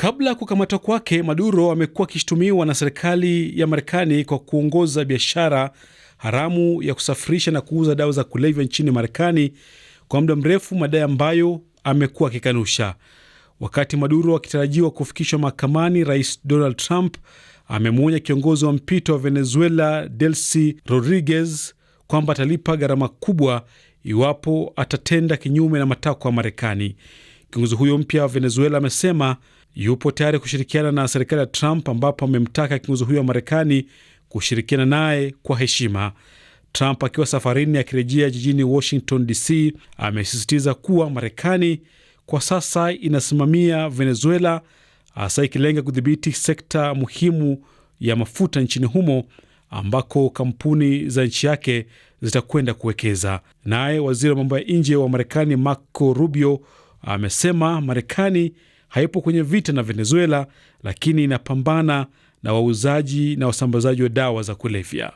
Kabla ya kukamatwa kwake, Maduro amekuwa akishutumiwa na serikali ya Marekani kwa kuongoza biashara haramu ya kusafirisha na kuuza dawa za kulevya nchini Marekani kwa muda mrefu, madai ambayo amekuwa akikanusha. Wakati Maduro akitarajiwa kufikishwa mahakamani, Rais Donald Trump amemwonya kiongozi wa mpito wa Venezuela Delcy Rodriguez kwamba atalipa gharama kubwa iwapo atatenda kinyume na matakwa ya Marekani. Kiongozi huyo mpya wa Venezuela amesema yupo tayari kushirikiana na serikali ya Trump, ambapo amemtaka kiongozi huyo wa Marekani kushirikiana naye kwa heshima. Trump akiwa safarini akirejea jijini Washington DC, amesisitiza kuwa Marekani kwa sasa inasimamia Venezuela, hasa ikilenga kudhibiti sekta muhimu ya mafuta nchini humo ambako kampuni za nchi yake zitakwenda kuwekeza. Naye waziri wa mambo ya nje wa Marekani Marco Rubio amesema Marekani haipo kwenye vita na Venezuela, lakini inapambana na wauzaji na wasambazaji wa dawa za kulevya.